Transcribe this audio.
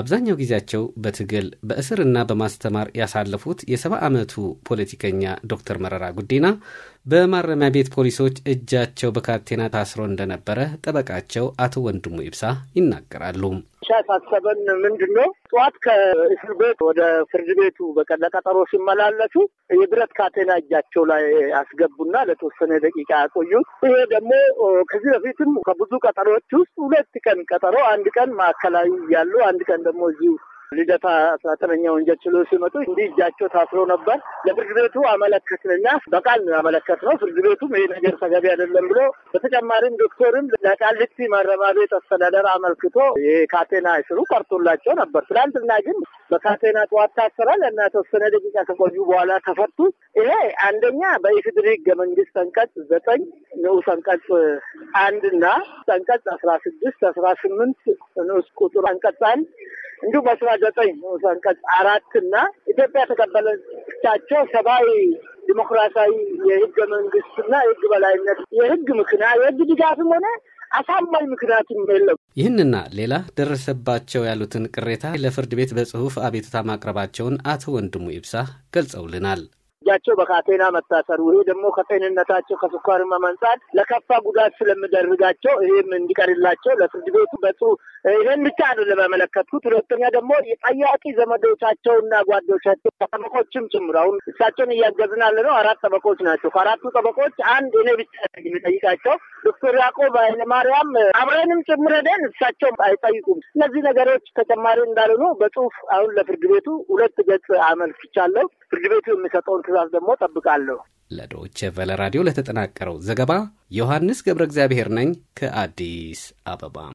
አብዛኛው ጊዜያቸው በትግል በእስርና በማስተማር ያሳለፉት የሰባ ዓመቱ ፖለቲከኛ ዶክተር መረራ ጉዲና በማረሚያ ቤት ፖሊሶች እጃቸው በካቴና ታስሮ እንደነበረ ጠበቃቸው አቶ ወንድሙ ይብሳ ይናገራሉ። ብቻ ያሳሰበን ምንድን ነው ጠዋት ከእስር ቤት ወደ ፍርድ ቤቱ ለቀጠሮ ሲመላለሱ የብረት ካቴና እጃቸው ላይ አስገቡና ለተወሰነ ደቂቃ ያቆዩት። ይሄ ደግሞ ከዚህ በፊትም ከብዙ ቀጠሮዎች ውስጥ ሁለት ቀን ቀጠሮ፣ አንድ ቀን ማዕከላዊ እያሉ አንድ ቀን ደግሞ እዚሁ ልደታ አስራ ዘጠነኛ ወንጀል ችሎ ሲመጡ እንዲህ እጃቸው ታስሮ ነበር። ለፍርድ ቤቱ አመለከትንና በቃል ነው ያመለከትነው። ፍርድ ቤቱም ይህ ነገር ተገቢ አይደለም ብሎ በተጨማሪም ዶክተርም ለቃሊቲ ማረሚያ ቤት አስተዳደር አመልክቶ ካቴና ስሩ ቀርቶላቸው ነበር። ትላንትና ግን በካቴና ጠዋት ታስራል እና ተወሰነ ደቂቃ ከቆዩ በኋላ ተፈቱ። ይሄ አንደኛ በኢፌዴሪ ህገ መንግስት አንቀጽ ዘጠኝ ንዑስ አንቀጽ አንድ አንድና አንቀጽ አስራ ስድስት አስራ ስምንት ንዑስ ቁጥር አንቀጽ አንድ እንዲሁም በስራ ዘጠኝ ንዑስ አንቀጽ አራት እና ኢትዮጵያ ተቀበለቻቸው ሰብአዊ ዲሞክራሲያዊ የህገ መንግስትና የህግ በላይነት የህግ ምክንያት የህግ ድጋፍም ሆነ አሳማኝ ምክንያትም የለም። ይህንና ሌላ ደረሰባቸው ያሉትን ቅሬታ ለፍርድ ቤት በጽሁፍ አቤቱታ ማቅረባቸውን አቶ ወንድሙ ኢብሳ ገልጸውልናል። እጃቸው በካቴና መታሰሩ ይሄ ደግሞ ከጤንነታቸው ከስኳር መመንጻት ለከፋ ጉዳት ስለምደርጋቸው ይህም እንዲቀርላቸው ለፍርድ ቤቱ በጽሁፍ ይህን ብቻ አይደለም ያመለከትኩት። ሁለተኛ ደግሞ የጠያቂ ዘመዶቻቸውና ጓዶቻቸው ጠበቆችም ጭምሩ አሁን እሳቸውን እያገዝን ነው። አራት ጠበቆች ናቸው። ከአራቱ ጠበቆች አንድ እኔ ብቻ የሚጠይቃቸው ዶክተር ያዕቆብ ኃይለማርያም አብረንም ጭምር ሄደን እሳቸውም አይጠይቁም። እነዚህ ነገሮች ተጨማሪ እንዳልሆኑ በጽሁፍ አሁን ለፍርድ ቤቱ ሁለት ገጽ አመልክቻለሁ። ፍርድ ቤቱ የሚሰጠውን ትእዛዝ ደግሞ ጠብቃለሁ። ለዶይቼ ቨለ ራዲዮ ለተጠናቀረው ዘገባ ዮሐንስ ገብረ እግዚአብሔር ነኝ ከአዲስ አበባ